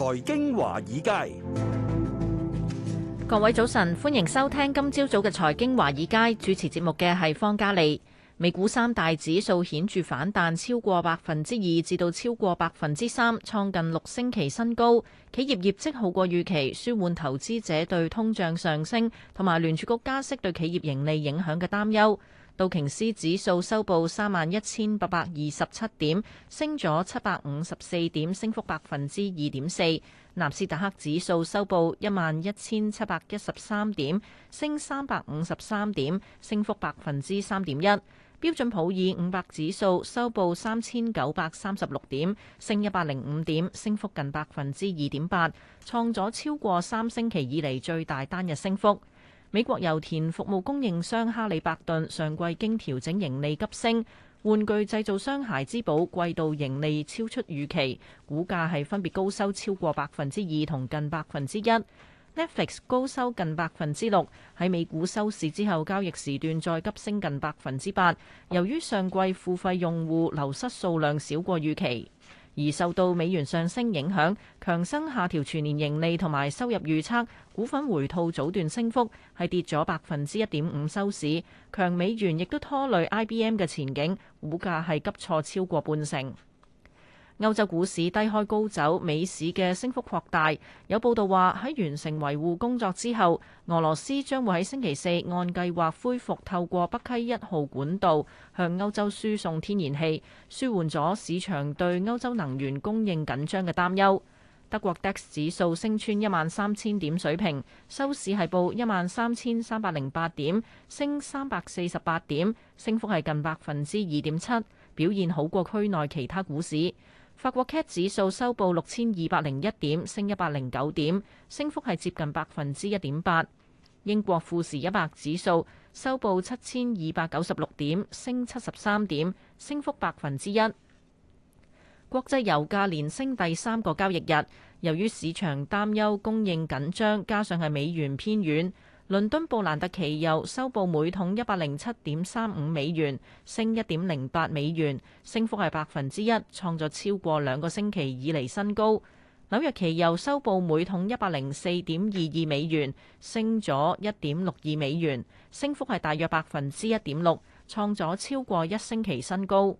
財經華爾街，各位早晨，歡迎收聽今朝早嘅財經華爾街。主持節目嘅係方嘉利。美股三大指數顯著反彈，超過百分之二至到超過百分之三，創近六星期新高。企業業績好過預期，舒緩投資者對通脹上升同埋聯儲局加息對企業盈利影響嘅擔憂。道瓊斯指數收報三萬一千八百二十七點，升咗七百五十四點，升幅百分之二點四。納斯達克指數收報一萬一千七百一十三點，升三百五十三點，升幅百分之三點一。標準普爾五百指數收報三千九百三十六點，升一百零五點，升幅近百分之二點八，創咗超過三星期以嚟最大單日升幅。美國油田服務供應商哈利伯頓上季經調整盈利急升，玩具製造商孩之寶季度盈利超出預期，股價係分別高收超過百分之二同近百分之一。Netflix 高收近百分之六，喺美股收市之後交易時段再急升近百分之八，由於上季付費用戶流失數量少過預期。而受到美元上升影響，強生下調全年盈利同埋收入預測，股份回吐早段升幅，係跌咗百分之一點五收市。強美元亦都拖累 IBM 嘅前景，股價係急挫超過半成。歐洲股市低開高走，美市嘅升幅擴大。有報道話喺完成維護工作之後，俄羅斯將會喺星期四按計劃恢復透過北溪一號管道向歐洲輸送天然氣，舒緩咗市場對歐洲能源供應緊張嘅擔憂。德國 DAX 指數升穿一萬三千點水平，收市係報一萬三千三百零八點，升三百四十八點，升幅係近百分之二點七，表現好過區內其他股市。法國 CAC 指數收報六千二百零一點，升一百零九點，升幅係接近百分之一點八。英國富時一百指數收報七千二百九十六點，升七十三點，升幅百分之一。國際油價連升第三個交易日，由於市場擔憂供應緊張，加上係美元偏軟。倫敦布蘭特期油收報每桶一百零七點三五美元，升一點零八美元，升幅係百分之一，創咗超過兩個星期以嚟新高。紐約期油收報每桶一百零四點二二美元，升咗一點六二美元，升幅係大約百分之一點六，創咗超過一星期新高。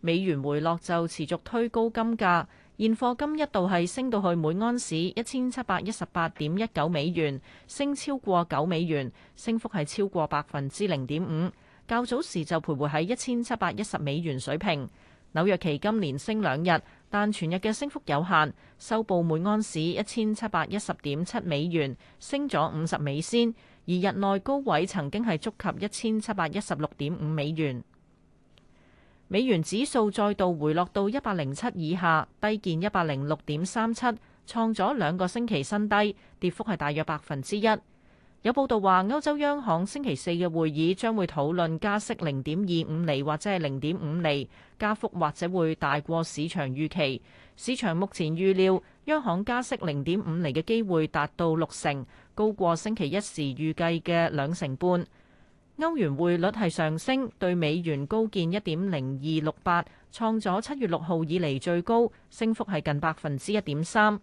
美元回落就持續推高金價。現貨金一度係升到去每安士一千七百一十八點一九美元，升超過九美元，升幅係超過百分之零點五。較早時就徘徊喺一千七百一十美元水平。紐約期金連升兩日，但全日嘅升幅有限，收報每安士一千七百一十點七美元，升咗五十美仙。而日內高位曾經係觸及一千七百一十六點五美元。美元指數再度回落到一百零七以下，低見一百零六點三七，創咗兩個星期新低，跌幅係大約百分之一。有報道話，歐洲央行星期四嘅會議將會討論加息零點二五厘或者係零點五厘，加幅或者會大過市場預期。市場目前預料央行加息零點五厘嘅機會達到六成，高過星期一時預計嘅兩成半。歐元匯率係上升，對美元高見一點零二六八，創咗七月六號以嚟最高，升幅係近百分之一點三。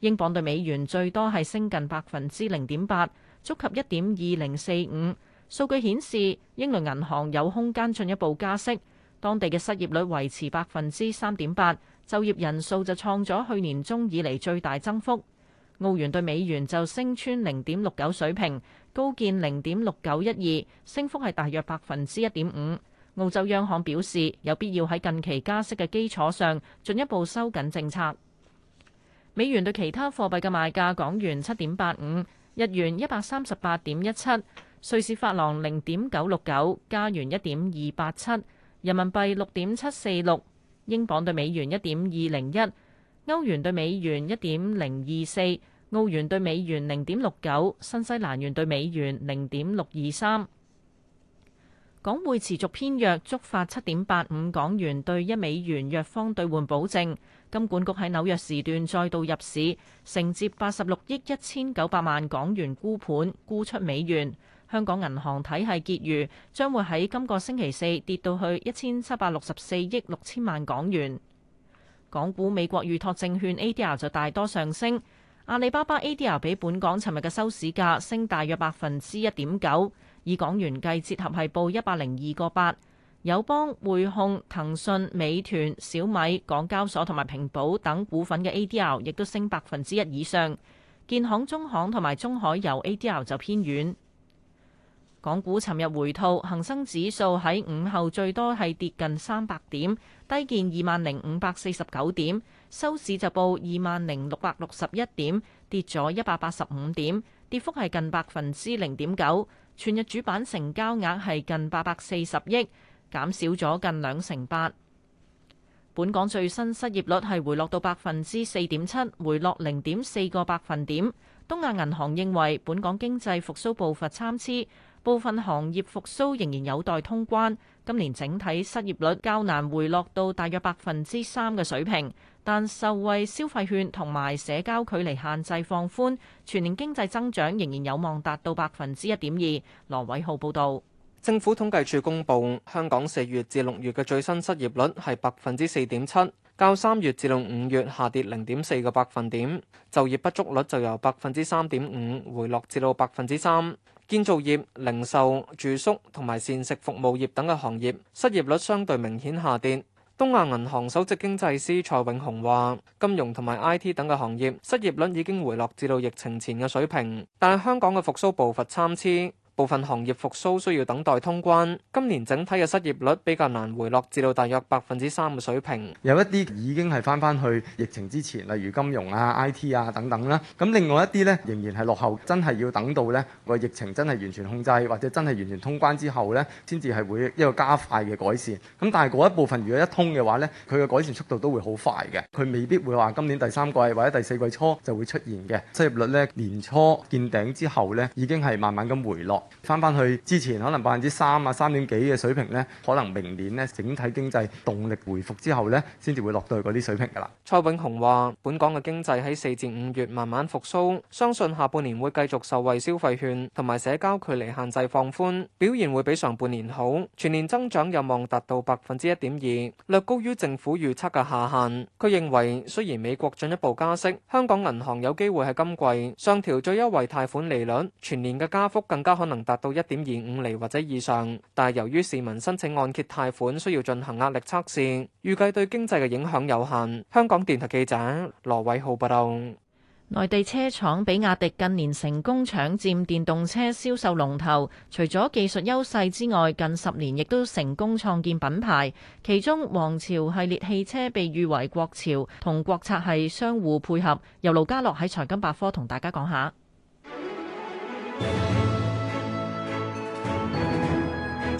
英鎊對美元最多係升近百分之零點八，觸及一點二零四五。數據顯示，英倫銀行有空間進一步加息。當地嘅失業率維持百分之三點八，就業人數就創咗去年中以嚟最大增幅。澳元對美元就升穿零點六九水平，高見零點六九一二，升幅係大約百分之一點五。澳洲央行表示有必要喺近期加息嘅基礎上進一步收緊政策。美元對其他貨幣嘅賣價：港元七點八五，日元一百三十八點一七，瑞士法郎零點九六九，加元一點二八七，人民幣六點七四六，英鎊對美元一點二零一，歐元對美元一點零二四。澳元兌美元零點六九，新西蘭元兌美元零點六二三。港匯持續偏弱，觸發七點八五港元兌一美元弱方兌換保證。金管局喺紐約時段再度入市，承接八十六億一千九百萬港元沽盤沽出美元。香港銀行體系結餘將會喺今個星期四跌到去一千七百六十四億六千萬港元。港股美國預託證券 ADR 就大多上升。阿里巴巴 ADR 比本港尋日嘅收市價升大約百分之一點九，以港元計折合係報一百零二個八。友邦、匯控、騰訊、美團、小米、港交所同埋平保等股份嘅 ADR 亦都升百分之一以上。建行、中行同埋中海油 ADR 就偏軟。港股尋日回吐，恒生指數喺午後最多係跌近三百點，低見二萬零五百四十九點，收市就報二萬零六百六十一點，跌咗一百八十五點，跌幅係近百分之零點九。全日主板成交額係近八百四十億，減少咗近兩成八。本港最新失業率係回落到百分之四點七，回落零點四個百分點。東亞銀行認為本港經濟復甦步伐參差。部分行業復甦仍然有待通關，今年整體失業率較難回落到大約百分之三嘅水平，但受惠消費券同埋社交距離限制放寬，全年經濟增長仍然有望達到百分之一點二。羅偉浩報導，政府統計處公布香港四月至六月嘅最新失業率係百分之四點七。較三月至到五月下跌零點四個百分點，就業不足率就由百分之三點五回落至到百分之三。建造業、零售、住宿同埋膳食服務業等嘅行業失業率相對明顯下跌。東亞銀行首席經濟師蔡永雄話，金融同埋 IT 等嘅行業失業率已經回落至到疫情前嘅水平，但係香港嘅復蘇步伐參差。部分行業復甦需要等待通關，今年整體嘅失業率比較難回落至到大約百分之三嘅水平。有一啲已經係返返去疫情之前，例如金融啊、IT 啊等等啦。咁另外一啲咧仍然係落後，真係要等到咧個疫情真係完全控制，或者真係完全通關之後咧，先至係會一個加快嘅改善。咁但係嗰一部分如果一通嘅話咧，佢嘅改善速度都會好快嘅，佢未必會話今年第三季或者第四季初就會出現嘅失業率咧，年初見頂之後咧，已經係慢慢咁回落。翻翻去之前可能百分之三啊、三點幾嘅水平咧，可能明年咧整體經濟動力回復之後咧，先至會落到去嗰啲水平噶啦。蔡永雄話本港嘅經濟喺四至五月慢慢復甦，相信下半年會繼續受惠消費券同埋社交距離限制放寬，表現會比上半年好，全年增長有望達到百分之一點二，略高於政府預測嘅下限。佢認為雖然美國進一步加息，香港銀行有機會喺今季上調最優惠貸款利率，全年嘅加幅更加可能達到一點二五厘或者以上，但係由於市民申請按揭貸款需要進行壓力測試，預計對經濟嘅影響有限。香港電台記者羅偉浩報道。內地車廠比亞迪近年成功搶占電動車銷售龍頭，除咗技術優勢之外，近十年亦都成功創建品牌。其中王朝系列汽車被譽為國潮，同國策係相互配合。由盧家樂喺財金百科同大家講下。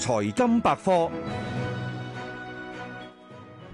財金百科，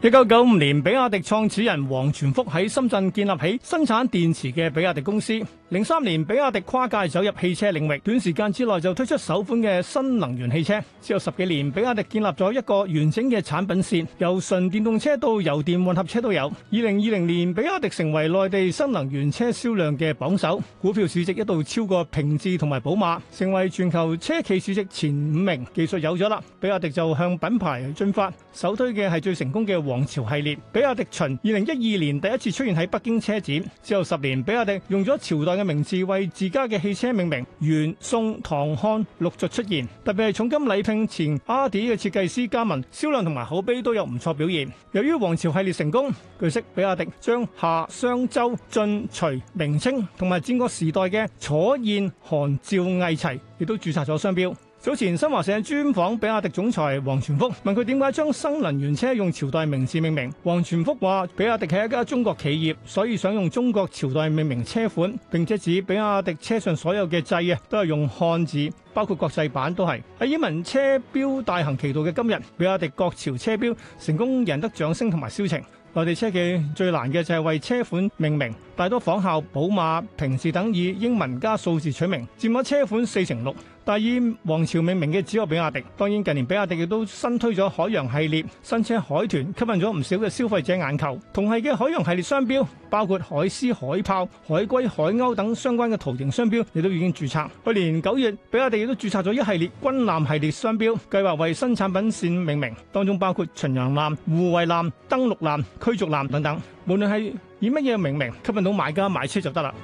一九九五年，比亞迪創始人王傳福喺深圳建立起生產電池嘅比亞迪公司。零三年，比亞迪跨界走入汽車領域，短時間之內就推出首款嘅新能源汽車。之後十幾年，比亞迪建立咗一個完整嘅產品線，由純電動車到油電混合車都有。二零二零年，比亞迪成為內地新能源車銷量嘅榜首，股票市值一度超過平治同埋寶馬，成為全球車企市值前五名。技術有咗啦，比亞迪就向品牌進發，首推嘅係最成功嘅王朝系列。比亞迪秦二零一二年第一次出現喺北京車展，之後十年，比亞迪用咗朝代嘅名字為自家嘅汽車命名，元、宋、唐、漢陸續出現，特別係重金禮聘前阿迪嘅設計師加盟，銷量同埋口碑都有唔錯表現。由於王朝系列成功，據悉比亞迪將夏、商、周、晉、隋名稱同埋戰國時代嘅楚、燕、韓、趙、魏、齊，亦都注冊咗商標。早前新華社專訪比亞迪總裁王傳福，問佢點解將新能源車用朝代名字命名。王傳福話：比亞迪係一家中國企業，所以想用中國朝代命名車款，並且指比亞迪車上所有嘅掣啊，都係用漢字，包括國際版都係。喺英文車標大行其道嘅今日，比亞迪國潮車標成功贏得掌聲同埋銷情。內地車企最難嘅就係為車款命名，大多仿效寶馬、平治等以英文加數字取名，佔咗車款四成六。但係以王朝命名嘅只有比亞迪，當然近年比亞迪亦都新推咗海洋系列新車海豚，吸引咗唔少嘅消費者眼球。同係嘅海洋系列商標，包括海獅、海豹、海龜、海鷗等相關嘅圖形商標，亦都已經註冊。去年九月，比亞迪亦都註冊咗一系列軍艦系列商標，計劃為新產品線命名，當中包括巡洋艦、護衛艦、登陸艦、驅逐艦等等。無論係以乜嘢命名，吸引到買家買車就得啦。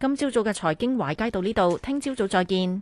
今朝早嘅財經華爾街到呢度，聽朝早再見。